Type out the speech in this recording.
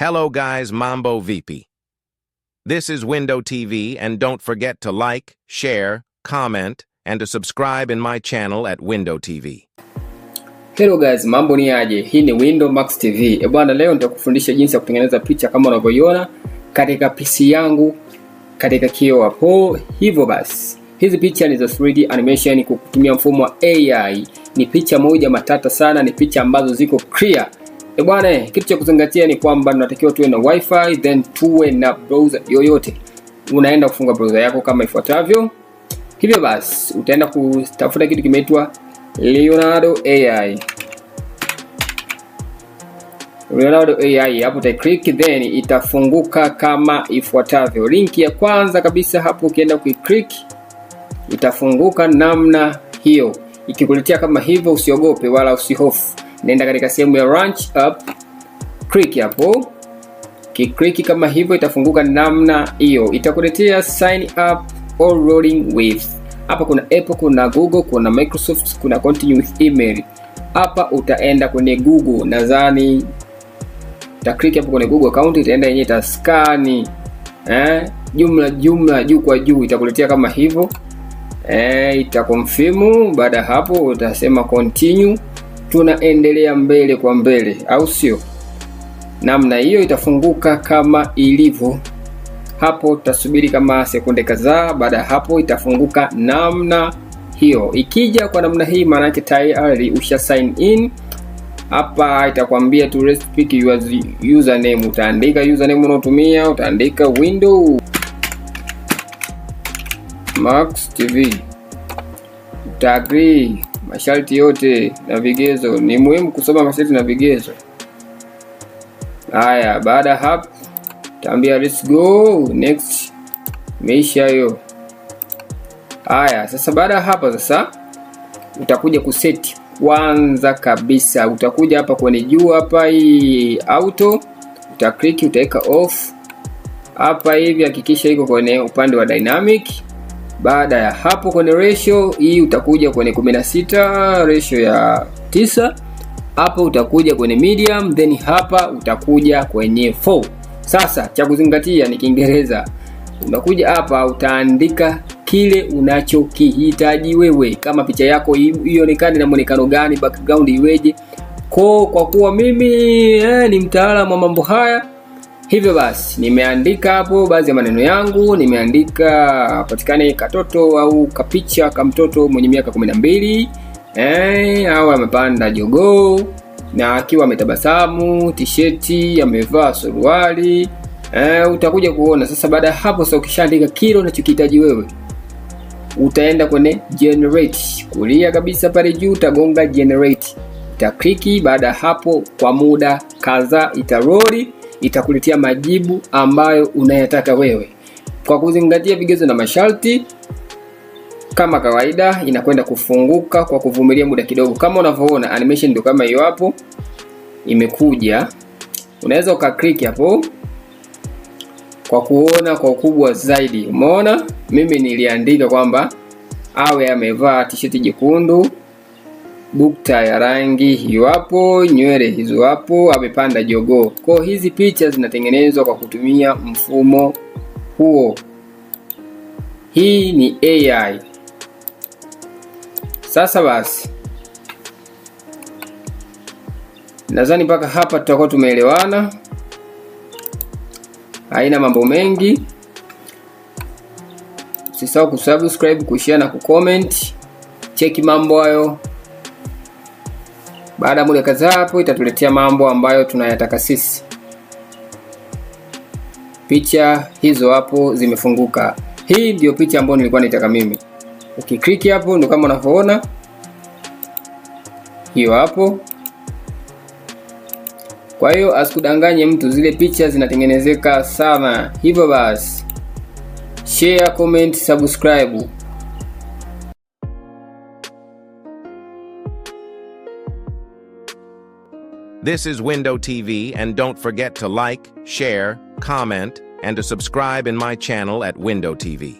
Hello guys, Mambo Vipi. This is Window TV and don't forget to like, share, comment and to subscribe in my channel at Window TV. Hello guys, mambo ni aje? Hii ni Window Max TV. E bwana, leo nitakufundisha jinsi ya kutengeneza picha kama unavyoiona katika PC yangu katika kioa hapo. Hivyo basi, hizi picha ni za 3D animation kwa kutumia mfumo wa AI. Ni picha moja matata sana, ni picha ambazo ziko clear E bwana, kitu cha kuzingatia ni kwamba tunatakiwa tuwe na wifi, then tuwe na browser yoyote. Unaenda kufunga browser yako kama ifuatavyo. Hivyo basi utaenda kutafuta kitu kimeitwa Leonardo AI. Leonardo AI hapo click then itafunguka kama ifuatavyo. Link ya kwanza kabisa hapo ukienda kuiclick itafunguka namna hiyo, ikikuletea kama hivyo, usiogope wala usihofu nenda katika sehemu ya ranch up click hapo. Kiklik kama hivyo, itafunguka namna hiyo, itakuletea sign up or rolling with. Hapa kuna Apple, kuna Google, kuna Microsoft, kuna continue with email. Hapa utaenda kwenye Google, nadhani utaklik hapo kwenye Google account, itaenda yenyewe itaskani eh, jumla jumla, juu kwa juu, itakuletea kama hivyo eh, itakonfirm. Baada hapo utasema continue tunaendelea mbele kwa mbele, au sio? Namna hiyo itafunguka kama ilivyo hapo. Tutasubiri kama sekunde kadhaa, baada ya hapo itafunguka namna hiyo. Ikija kwa namna hii, maana yake tayari usha sign in. Hapa itakwambia to restrict your username, utaandika username unaotumia, utaandika window Max TV, utaagree masharti yote na vigezo. Ni muhimu kusoma masharti na vigezo. Haya, baada hapo tambia let's go next. meisha hiyo. Haya, sasa baada ya hapo sasa utakuja kuseti. Kwanza kabisa utakuja hapa kwenye juu hapa, hii auto utakliki, utaweka off hapa hivi, hakikisha iko kwenye upande wa dynamic baada ya hapo kwenye ratio hii utakuja kwenye 16 ratio ya 9, hapo utakuja kwenye medium, then hapa utakuja kwenye 4. Sasa cha kuzingatia ni Kiingereza. Unakuja hapa utaandika kile unachokihitaji wewe, kama picha yako ionekane na muonekano gani, background iweje. Ko, kwa kuwa mimi eh, ni mtaalamu wa mambo haya Hivyo basi nimeandika hapo baadhi ya maneno yangu, nimeandika patikane katoto au kapicha ka mtoto mwenye miaka kumi na mbili eh, au amepanda jogoo na akiwa ametabasamu, tisheti amevaa suruali eh, utakuja kuona sasa. Baada ya hapo sasa, ukishaandika kile unachokihitaji wewe, utaenda kwenye generate, kulia kabisa pale juu utagonga generate, utakliki. Baada ya hapo, kwa muda kadhaa itaroli itakuletea majibu ambayo unayataka wewe kwa kuzingatia vigezo na masharti. Kama kawaida, inakwenda kufunguka kwa kuvumilia muda kidogo. Kama unavyoona animation ndio kama hiyo hapo imekuja, unaweza ukaklik hapo kwa kuona kwa ukubwa zaidi. Umeona, mimi niliandika kwamba awe amevaa tisheti jekundu bukta ya rangi iwapo nywele hizo hapo, amepanda jogoo. Kwa hizi picha zinatengenezwa kwa kutumia mfumo huo. Hii ni AI. Sasa basi, nadhani mpaka hapa tutakuwa tumeelewana, haina mambo mengi. Usisahau kusubscribe, kushare na kucomment. Cheki mambo hayo. Baada ya muda kadhaa hapo itatuletea mambo ambayo tunayataka sisi. Picha hizo hapo zimefunguka. Hii ndio picha ambayo nilikuwa nitaka mimi. Ukiklik hapo ndio kama unavyoona hiyo hapo. Kwa hiyo asikudanganye mtu, zile picha zinatengenezeka sana. Hivyo basi, share, comment, subscribe. This is Window TV, and don't forget to like, share, comment, and to subscribe in my channel at Window TV.